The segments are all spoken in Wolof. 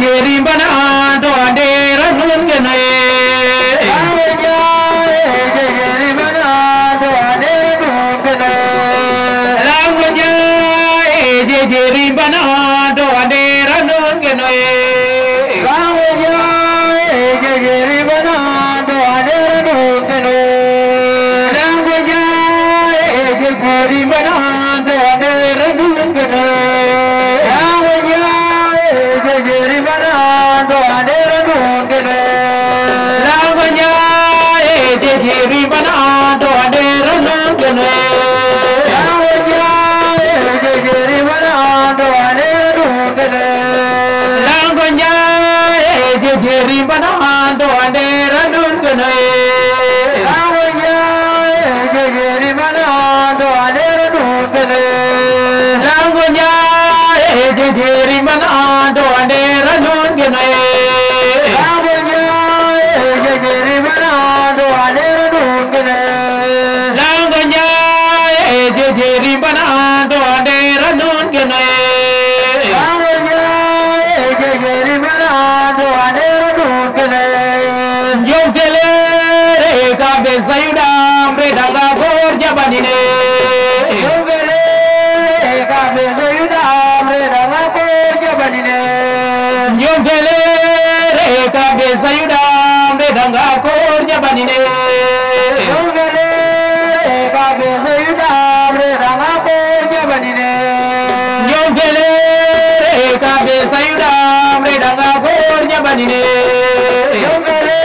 jeeri mbana danga koor jabanine yulgale ka be re danga koor jabanine ñoom fele re ka be sayudam re danga koor jabanine yulgale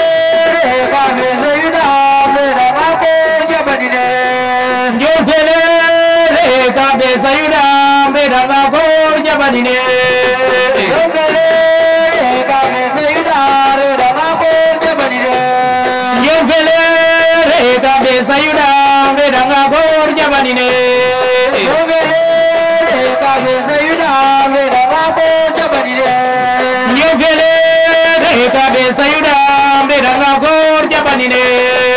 re ka be sayudam re danga koor jabanine re ka be sayudam re danga koor ne dogale re kafe sayuda mera rabo jabani ne nyefele re kafe sayuda mera rabo jabani ne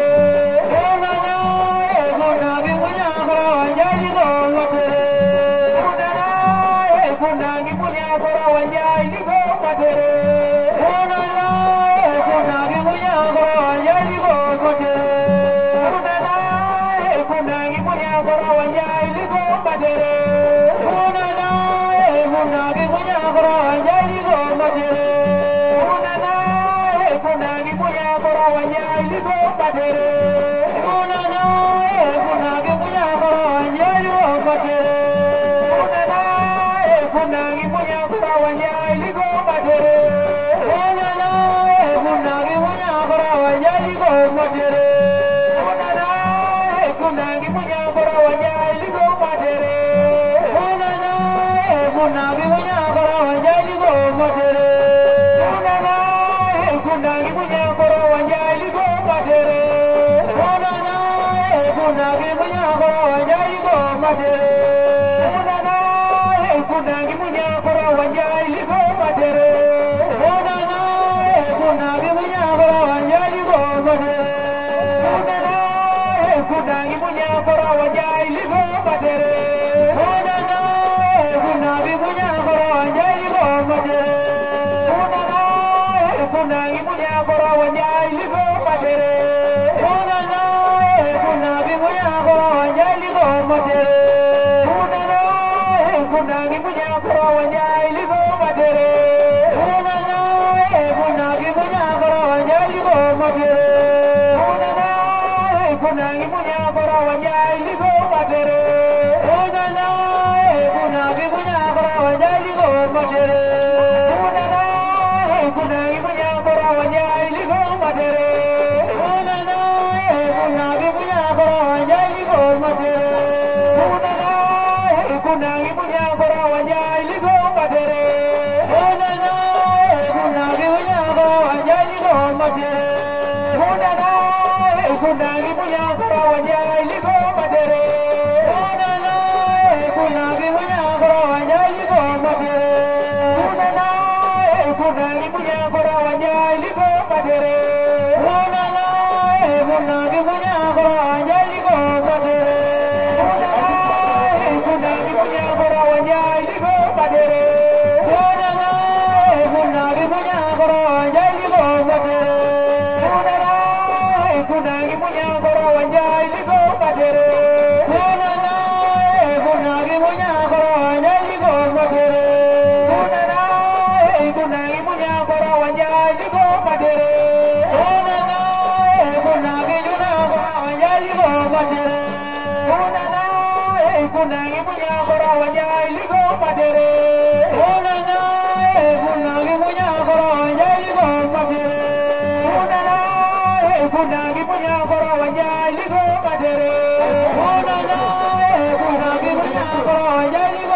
Come on, give me kundangi kunyakora wanjaliko matere kunanae kundangi kunyakora wanjaliko matere kunanae kundangi kunyakora wanjaliko matere bi bu ñu amoon njëriñ loo ma jëlee. bu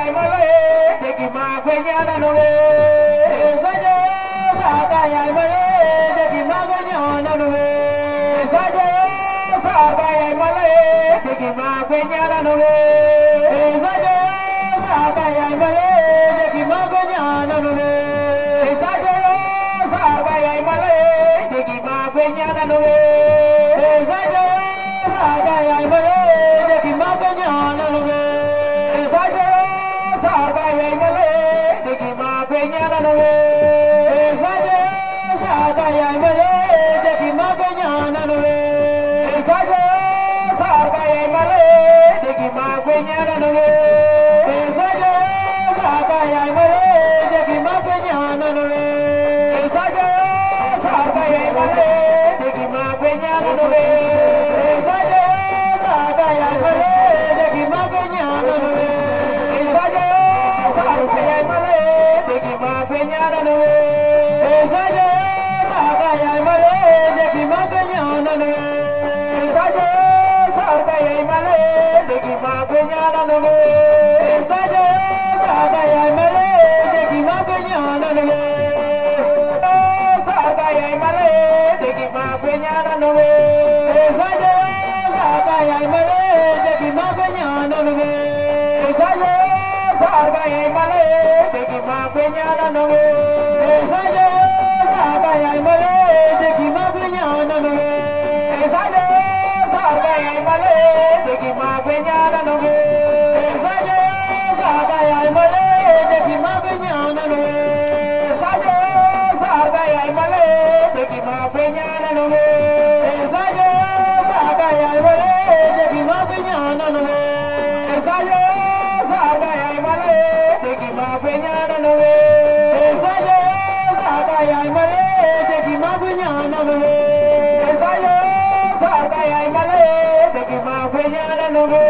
Hey, Zaje, Zabe, I'm a Ay, ay, ay. saga yai male degi ma benya na nowe esaje saga yai male degi ma benya na nowe esaje saga yai male degi ma benya na nowe esaje saga Hallelujah.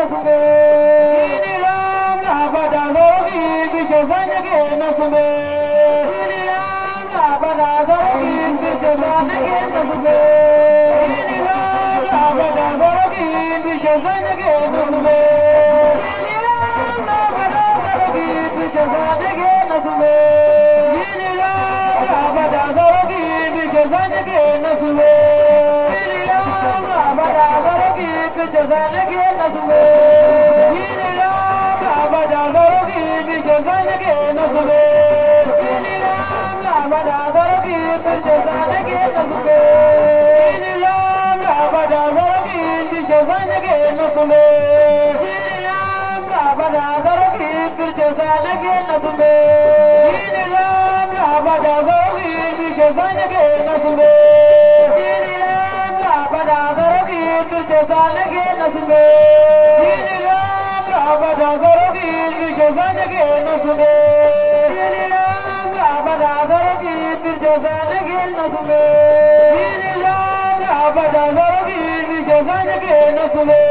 नसुबे श्री राम लाभा दासोगी बीच सन के नसुबे श्री राम लाभा दासोगी बीच सन के नसुबे श्री राम लाभा दासोगी बीच सन के नसुबे श्री राम लाभा दासोगी बीच सन के नसुबे श्री राम लाभा दासोगी बीच सन के नसुबे తుమే రామదాసరకి పిలిచేసానకే నసుమే రామదాసరకి పిలిచేసానకే నసుమే రామదాసరకి పిలిచేసానకే నసుమే రామదాసరకి పిలిచేసానకే నసుమే రామదాసరకి పిలిచేసానకే నసుమే రామదాసరకి పిలిచేసానకే నసుమే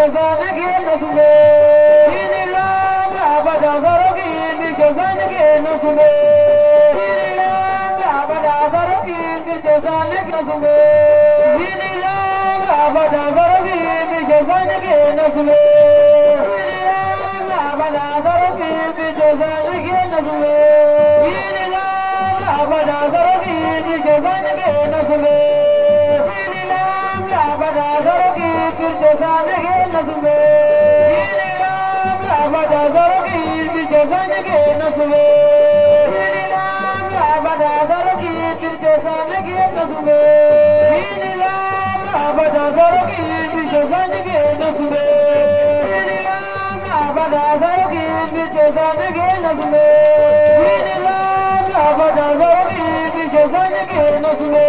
ज़िंदगी न सुने लाल बाबा जा ज़रूरी बिच ज़िंदगी न सुने लाल बाबा जा ज़रूरी बिच ज़िंदगी न सुने लाल बाबा जा ज़रूरी बिच ज़िंदगी न सुने लाल बाबा जा ज़रूरी बिच ज़िंदगी न सुने लाल बाबा जा ज़रूरी बिच ज़िंदगी न सुने جزانگے نظمے دین لام لا بدا زرقی بی جزانگے نظمے دین لام لا بدا زرقی بی جزانگے نظمے دین لام لا بدا زرقی بی جزانگے نظمے دین لام لا بدا زرقی بی جزانگے نظمے دین لام لا بدا زرقی بی جزانگے نظمے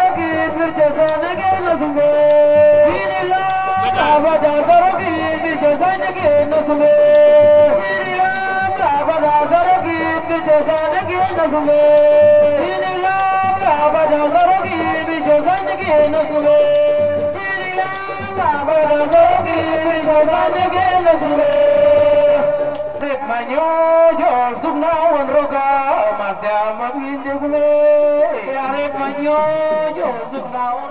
نسمي دين الله أبدا زرقي بجسدك نسمي دين الله أبدا زرقي بجسدك نسمي دين الله أبدا زرقي بجسدك نسمي دين الله أبدا زرقي بجسدك نسمي Rip manyo jor sukna wan roga mata magi jugle Rip manyo jor sukna wan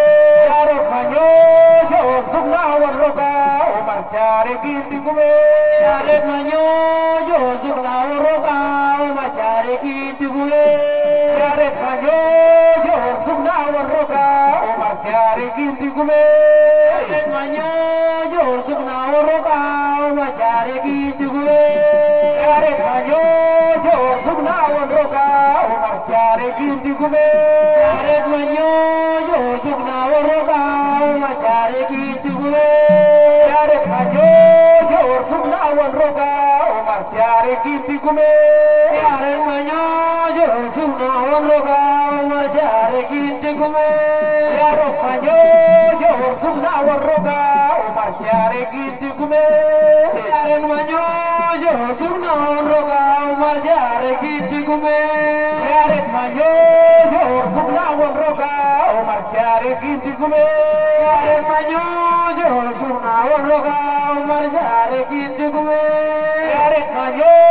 machare kindigube yale manyojo zubla uroba machare kindigube yale manyojo zubla uroba machare kindigube yale manyojo zubla uroba machare kindigube yale manyojo zubla uroba machare kindigube yale manyojo zubla uroba machare kindigube jaare kaño jowor sugna awon roga omar jaare kindi gume jaare kaño jowor sugna awon roga omar jaare kindi gume jaaro kaño jowor sugna awon roga omar jaare kindi gume jaare kaño jowor sugna awon roga omar jaare kindi gume jaare kaño jowor sugna awon roga Marchare kintikule Are mañoño Suna warroga Marchare kintikule Are mañoño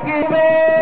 Give it.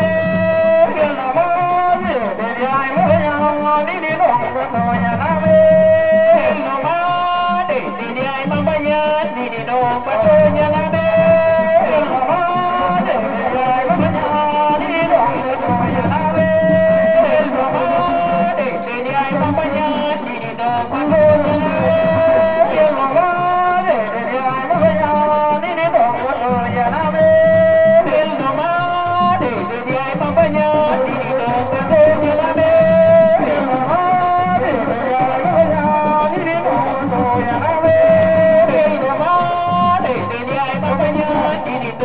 ba tey ña nga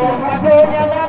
Gracias.